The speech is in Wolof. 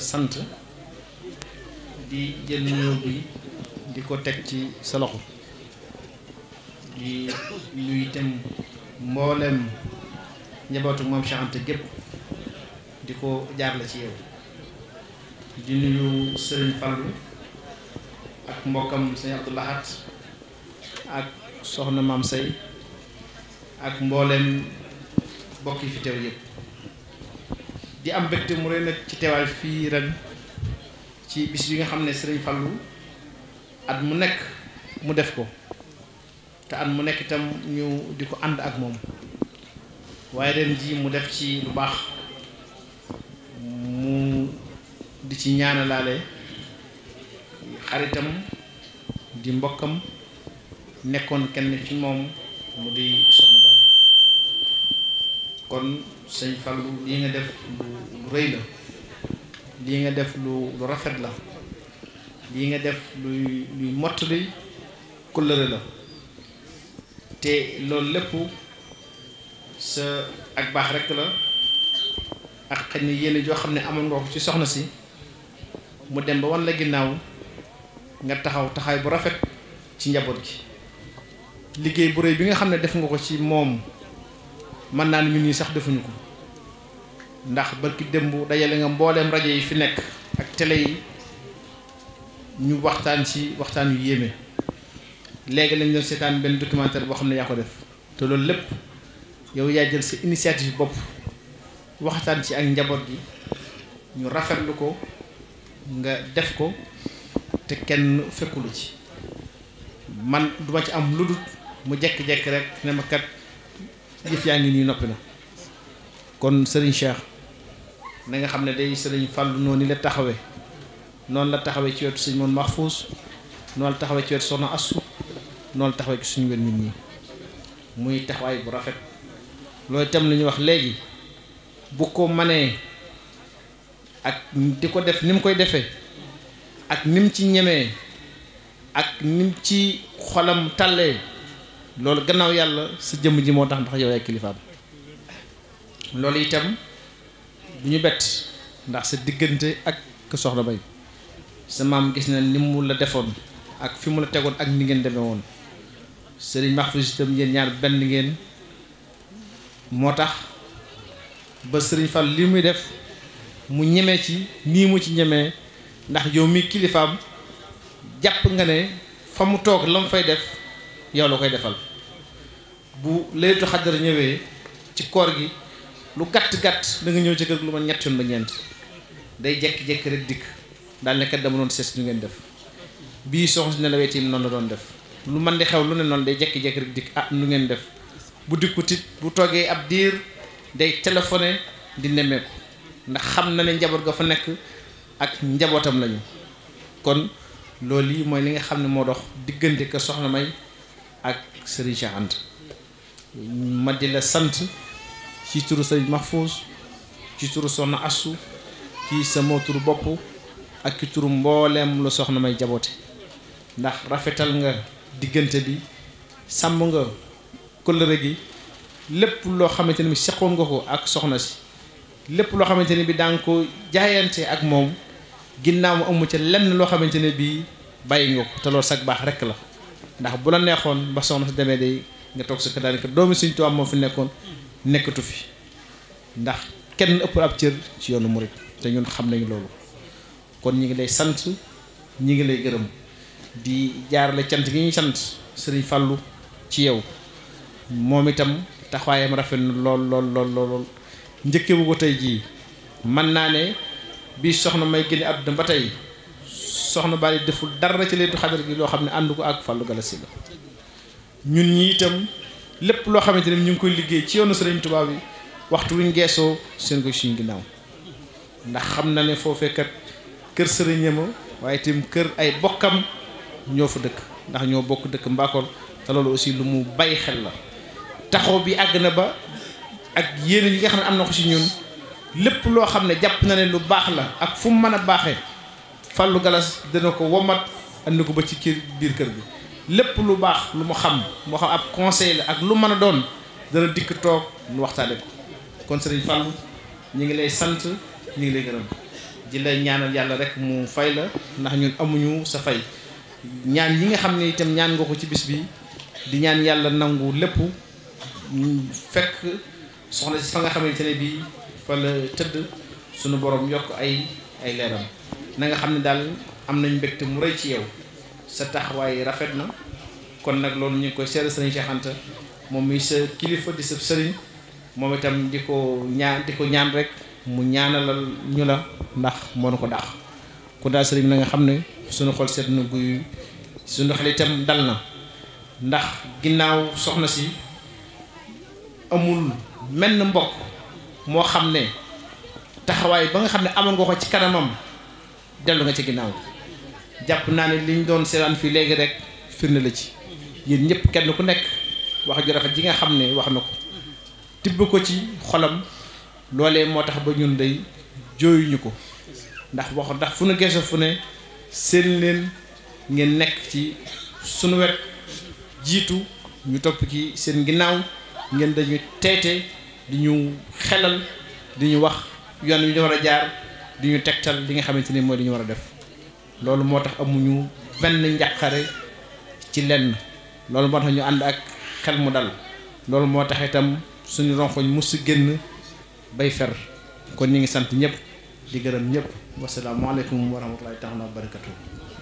sant di jël nuyoo bi di ko teg ci sa loxo di nuyu itam mboolem njabootu moom Cheikh gépp di ko jaarle ci yow di nuyu Serigne Fallou ak mbokkam sëñ Abdou Lahat ak soxna maam Sey ak mboolem bokki fi teew yëpp di am mbégte mu rëy nag ci teewaay fii ren ci bis bi nga xam ne sëriñ Fallou at mu nekk mu def ko te at mu nekk itam ñu di ko ànd ak moom waaye ren ji mu def ci lu baax mu di ci ñaanalaale xaritam di mbokkam nekkoon kenn ci moom mu di kon sëñ Fallou lii nga def lu rëy la lii nga def lu lu rafet la lii nga def luy luy mottali kóllëre la te loolu lépp sa ak baax rekk la ak xëy na yéen joo xam ne amoon nga ko ci soxna si mu dem ba wan la ginnaaw nga taxaw taxaay bu rafet ci njaboot gi liggéey bu rëy bi nga xam ne def nga ko ci moom mën naa ne ñun ñi sax defuñu ko ndax barki démb dajale nga mbooleem rajo yi fi nekk ak tele yi ñu waxtaan ci waxtaan yu yéeme léegi lañ doon seetaan benn documentaire boo xam ne yaa ko def te loolu lépp yow yaa jël sa initiative bopp waxtaan ci ak njaboot gi ñu rafetlu ko nga def ko te kenn fekkulu ci man duma ci am lu dul mu jekk-jekk rek ne yëf yaa ngi nii noppi na kon sëriñ Cheikh na xam ne day sëriñ Fallou noonu la taxawee noonu la taxawee ci wetu sëñ Moon Mahfouz noonu la taxawee ci wetu Soxna Assu noonu la taxawee ci suñu wet nit ñi muy taxawaay bu rafet loolu itam la ñuy wax léegi bu ko manee ak di ko def ni mu koy defee ak ni mu ci ñemee ak ni mu ci xolam tàllee loolu gannaaw yàlla sa jëmm ji moo tax ndax yow yaay kilifaam loolu itam bu ñu bett ndax sa diggante ak soxla soxna bay sa maam gis na ni mu la defoon ak fi mu la tegoon ak ni ngeen demee woon sëriñ Mahfouz itam yéen ñaar benn ngeen moo tax ba sëriñ Fall li muy def mu ñemee ci nii mu ci ñemee ndax yow mi kilifaam jàpp nga ne fa mu toog la mu fay def yow la koy defal bu laytu xaddar ñëwee ci koor gi lu gàtt-gàtt da nga ñëw ci kër lu ma ñett yoon ba ñeent day jekki-jekki rek dikk daal nekkat dama doon sees ñu ngeen def bii soxna si ne la wetim noonu la doon def lu man di xew lu ne noonu day jekki-jekki rek dikk ah nu ngeen def bu dikkutit bu toogee ab diir day téléphoné di nemmeeku ndax xam na ne njaboot ga fa nekk ak njabootam lañu kon loolu yi mooy li nga xam ne moo dox diggante kër soxna May ak Serigne Cheikh Anta ma di la sant ci turu Serigne Mahfouz ci turu Soxna Assu ci sama turu bopp ak ci turu mbooleem lu soxna may jaboote ndax rafetal nga diggante bi sàmm nga kóllëre gi lépp loo xamante ni bi seqoon nga ko ak soxna si lépp loo xamante ni bi daa nga ko jaayante ak moom ginnaaw mu amu ca lenn loo xamante ne bii bàyyi nga ko te sag baax rekk la ndax bu la neexoon ba soxna si demee day nga toog sa kër daanaka doomi Sëñ Tuubaa moo fi nekkoon nekkatu fi ndax kenn ëpp ab cër ci yoonu murit te ñun xam nañu loolu kon ñu ngi lay sant ñu ngi lay gërëm di jaarale cant gi ñuy sant Sëriñ Fàllu ci yow moom itam taxawaayam rafet na lool lool lool lool bu ko tey jii man naa ne bi soxna may génne àdduna ba tey soxna Bally deful dara ci leetu xadar gi loo xam ne ànd ko ak Fallou Galasse la ñun ñi itam lépp loo xamante ne ñu ngi koy liggéey ci yoonu Serigne Touba bi waxtu wi ngeesoo seen ko suñ ginnaaw ndax xam na ne foofee kat kër sëriñam waaye itam kër ay bokkam ñoo fa dëkk ndax ñoo bokk dëkk Mbakor te loolu aussi lu mu bàyyi xel la taxaw bi àgg na ba ak yéen yi nga xam ne am na ko ci ñun lépp loo xam ne jàpp na ne lu baax la ak fu mu mën a baaxee. fàllu galas dana ko wommat andi ko ba ci kër biir kër bi lépp lu baax lu mu xam moo xam ab conseil la ak lu mën a doon dana dikk toog nu waxtaane ko kon sëriñ fàllu ñu ngi lay sant ñu ngi lay gërëm di lay ñaanal yàlla rek mu fay la ndax ñun amuñu sa fay ñaan yi nga xam ne itam ñaan nga ko ci bis bi di ñaan yàlla nangu lépp fekk soxna si fa nga xamante ne bii fa la tëdd sunu borom yokk ay ay leeram nanga xam ne daal am nañ mbégte mu rëy ci yow sa taxawaay rafet na kon nag loolu ñu ngi koy seere sëriñ Cheikh moom mi sa kilifa di sa sëriñ moom itam di ko ñaan ko ñaan rek mu ñaanalal ñu la ndax moo nu ko dàq ku daal sëriñ na nanga xam ne suñu xool seet na guy suñu xel itam dal na ndax ginnaaw soxna si amul menn mbokk moo xam ne taxawaay ba nga xam ne amoon nga ko ci kanamam dellu nga ci ginnaaw jàpp naa ne liñ doon seetaan fii léegi rek firnde la ci yéen ñëpp kenn ku nekk wax ju rafet ji nga xam ne wax na ko tibb ko ci xolam loole moo tax ba ñun day jooyuñu ko ndax wax ndax fu nu gese fu ne seen leen ngeen nekk ci sunu wet jiitu ñu topp ci seen ginnaaw ngeen dañu teete di ñu xelal di ñu wax yoon wi ñu war a jaar di ñu tegtal li nga xamante ni mooy li ñu war a def loolu moo tax amuñu benn njàqare ci lenn loolu moo tax ñu ànd ak xel mu dal loolu moo tax itam suñu ronkoñ si génn bay fer kon ñu ngi sant ñëpp di gërëm ñëpp wasalaamualeykum wa tax na wa barakatuh